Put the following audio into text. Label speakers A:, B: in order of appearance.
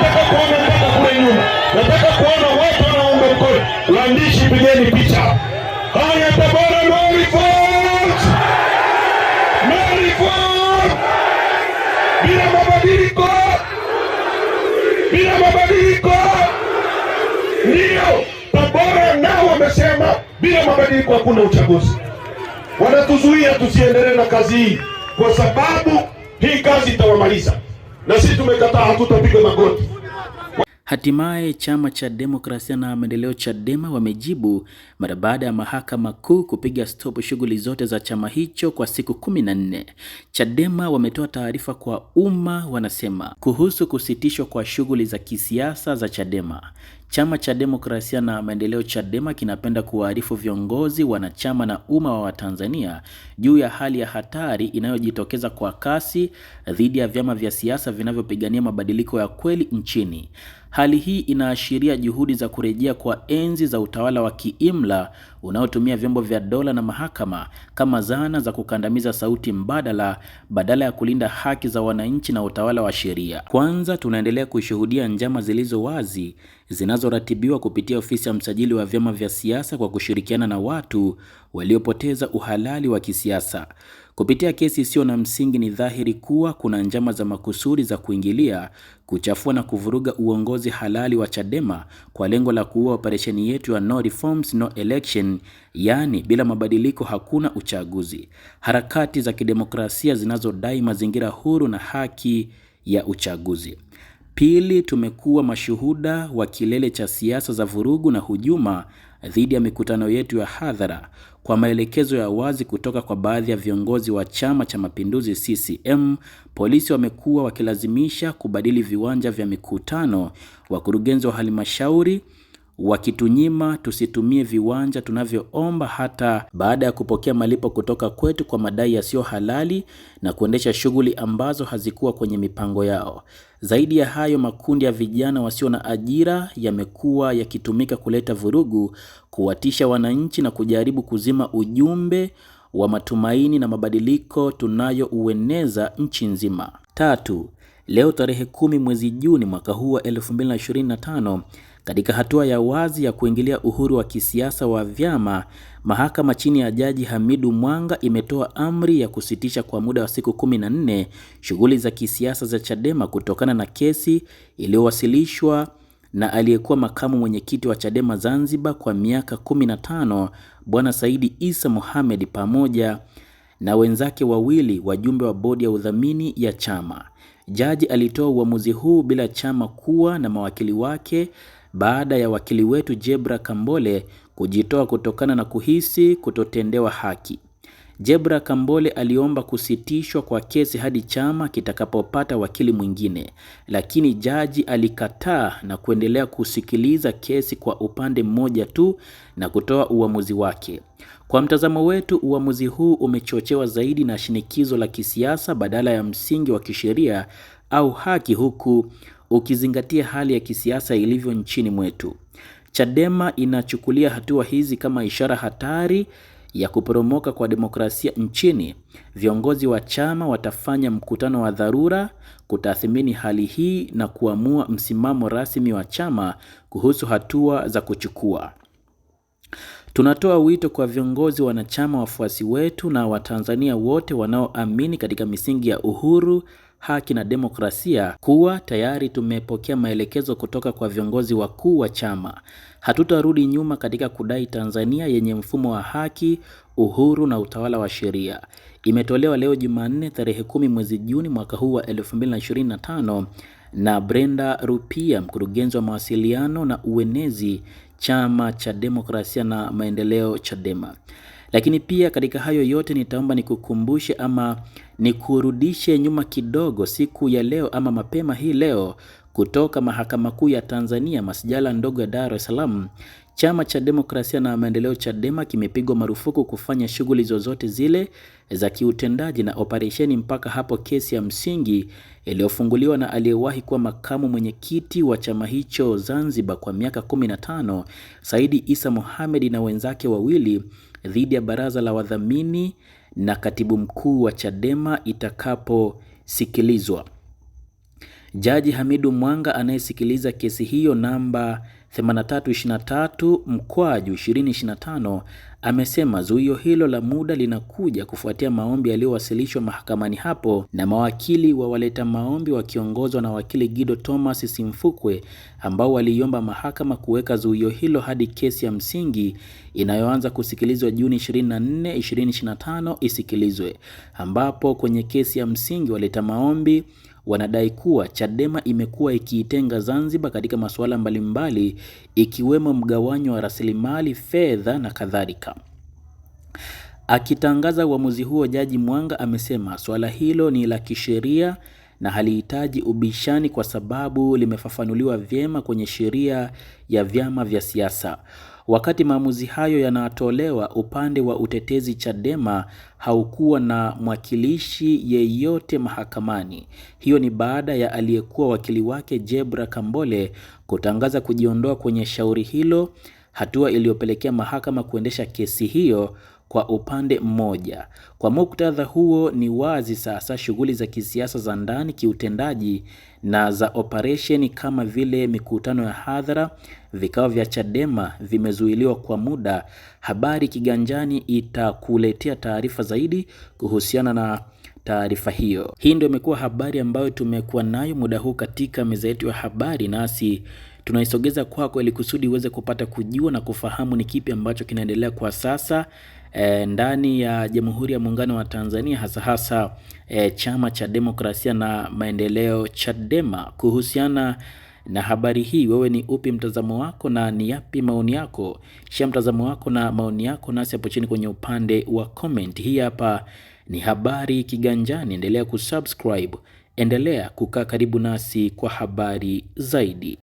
A: nataka kuona mpaka kule nyuma, nataka kuona watu wanaunga mkono. Waandishi, pigeni picha. Haya, Tabora Marifold, Marifold bila mabadiliko, bila mabadiliko. Ndio Tabora nao wamesema bila mabadiliko hakuna uchaguzi. Wanatuzuia tusiendelee na kazi hii kwa sababu hii kazi itawamaliza na sisi tumekataa, hatutapiga magoti.
B: Hatimaye chama cha demokrasia na maendeleo Chadema wamejibu mara baada ya mahakama kuu kupiga stop shughuli zote za chama hicho kwa siku kumi na nne. Chadema wametoa taarifa kwa umma, wanasema kuhusu kusitishwa kwa shughuli za kisiasa za Chadema. Chama cha Demokrasia na Maendeleo Chadema kinapenda kuwaarifu viongozi, wanachama na umma wa Watanzania juu ya hali ya hatari inayojitokeza kwa kasi dhidi ya vyama vya siasa vinavyopigania mabadiliko ya kweli nchini. Hali hii inaashiria juhudi za kurejea kwa enzi za utawala wa kiimla unaotumia vyombo vya dola na mahakama kama zana za kukandamiza sauti mbadala badala ya kulinda haki za wananchi na utawala wa sheria. Kwanza, tunaendelea kushuhudia njama zilizo wazi zinazoratibiwa kupitia ofisi ya msajili wa vyama vya siasa kwa kushirikiana na watu waliopoteza uhalali wa kisiasa. Kupitia kesi isiyo na msingi, ni dhahiri kuwa kuna njama za makusudi za kuingilia, kuchafua na kuvuruga uongozi halali wa Chadema kwa lengo la kuua operesheni yetu ya no reforms no election, yaani bila mabadiliko hakuna uchaguzi. Harakati za kidemokrasia zinazodai mazingira huru na haki ya uchaguzi. Pili, tumekuwa mashuhuda wa kilele cha siasa za vurugu na hujuma dhidi ya mikutano yetu ya hadhara kwa maelekezo ya wazi kutoka kwa baadhi ya viongozi wa Chama cha Mapinduzi CCM, polisi wamekuwa wakilazimisha kubadili viwanja vya mikutano, wakurugenzi wa halmashauri wakitunyima tusitumie viwanja tunavyoomba hata baada ya kupokea malipo kutoka kwetu kwa madai yasiyo halali na kuendesha shughuli ambazo hazikuwa kwenye mipango yao. Zaidi ya hayo, makundi ya vijana wasio na ajira yamekuwa yakitumika kuleta vurugu, kuwatisha wananchi na kujaribu kuzima ujumbe wa matumaini na mabadiliko tunayoueneza nchi nzima. Tatu, leo tarehe kumi mwezi Juni mwaka huu wa 2025 katika hatua ya wazi ya kuingilia uhuru wa kisiasa wa vyama, mahakama chini ya Jaji Hamidu Mwanga imetoa amri ya kusitisha kwa muda wa siku 14 shughuli za kisiasa za Chadema kutokana na kesi iliyowasilishwa na aliyekuwa makamu mwenyekiti wa Chadema Zanzibar kwa miaka 15 Bwana Saidi Isa Mohamed pamoja na wenzake wawili wajumbe wa bodi ya udhamini ya chama. Jaji alitoa uamuzi huu bila chama kuwa na mawakili wake baada ya wakili wetu Jebra Kambole kujitoa kutokana na kuhisi kutotendewa haki. Jebra Kambole aliomba kusitishwa kwa kesi hadi chama kitakapopata wakili mwingine, lakini jaji alikataa na kuendelea kusikiliza kesi kwa upande mmoja tu na kutoa uamuzi wake. Kwa mtazamo wetu, uamuzi huu umechochewa zaidi na shinikizo la kisiasa badala ya msingi wa kisheria au haki, huku ukizingatia hali ya kisiasa ilivyo nchini mwetu. Chadema inachukulia hatua hizi kama ishara hatari ya kuporomoka kwa demokrasia nchini. Viongozi wa chama watafanya mkutano wa dharura kutathmini hali hii na kuamua msimamo rasmi wa chama kuhusu hatua za kuchukua. Tunatoa wito kwa viongozi, wanachama, wafuasi wetu na Watanzania wote wanaoamini katika misingi ya uhuru haki na demokrasia kuwa tayari tumepokea maelekezo kutoka kwa viongozi wakuu wa chama. Hatutarudi nyuma katika kudai Tanzania yenye mfumo wa haki, uhuru na utawala wa sheria. Imetolewa leo Jumanne tarehe kumi mwezi Juni mwaka huu wa 2025 na Brenda Rupia, mkurugenzi wa mawasiliano na uenezi, chama cha demokrasia na maendeleo, Chadema. Lakini pia katika hayo yote nitaomba nikukumbushe ama nikurudishe nyuma kidogo siku ya leo ama mapema hii leo kutoka Mahakama Kuu ya Tanzania masijala ndogo ya Dar es Salaam Chama cha Demokrasia na Maendeleo Chadema kimepigwa marufuku kufanya shughuli zozote zile za kiutendaji na operesheni mpaka hapo kesi ya msingi iliyofunguliwa na aliyewahi kuwa makamu mwenyekiti wa chama hicho Zanzibar kwa miaka 15 Saidi Isa Mohamed na wenzake wawili dhidi ya baraza la wadhamini na katibu mkuu wa Chadema itakaposikilizwa. Jaji Hamidu Mwanga anayesikiliza kesi hiyo namba 8323 mkwaju 2025 amesema zuio hilo la muda linakuja kufuatia maombi yaliyowasilishwa mahakamani hapo na mawakili wa waleta maombi wakiongozwa na wakili Gido Thomas Simfukwe ambao waliiomba mahakama kuweka zuio hilo hadi kesi ya msingi inayoanza kusikilizwa Juni 24, 2025 isikilizwe, ambapo kwenye kesi ya msingi waleta maombi wanadai kuwa Chadema imekuwa ikiitenga Zanzibar katika masuala mbalimbali ikiwemo mgawanyo wa rasilimali fedha na kadhalika. Akitangaza uamuzi huo, Jaji Mwanga amesema suala hilo ni la kisheria na halihitaji ubishani kwa sababu limefafanuliwa vyema kwenye sheria ya vyama vya siasa. Wakati maamuzi hayo yanatolewa, upande wa utetezi Chadema haukuwa na mwakilishi yeyote mahakamani. Hiyo ni baada ya aliyekuwa wakili wake Jebra Kambole kutangaza kujiondoa kwenye shauri hilo, hatua iliyopelekea mahakama kuendesha kesi hiyo kwa upande mmoja. Kwa muktadha huo, ni wazi sasa shughuli za kisiasa za ndani, kiutendaji na za operesheni kama vile mikutano ya hadhara, vikao vya Chadema vimezuiliwa kwa muda. Habari Kiganjani itakuletea taarifa zaidi kuhusiana na taarifa hiyo. Hii ndio imekuwa habari ambayo tumekuwa nayo muda huu katika meza yetu ya habari, nasi tunaisogeza kwako ili kusudi uweze kupata kujua na kufahamu ni kipi ambacho kinaendelea kwa sasa e, ndani ya Jamhuri ya Muungano wa Tanzania hasa hasa e, Chama cha Demokrasia na Maendeleo Chadema. Kuhusiana na habari hii, wewe ni upi mtazamo wako na ni yapi maoni yako? Shia mtazamo wako na maoni yako nasi hapo chini kwenye upande wa comment. Hii hapa ni Habari Kiganjani, endelea kusubscribe, endelea kukaa karibu nasi kwa habari zaidi.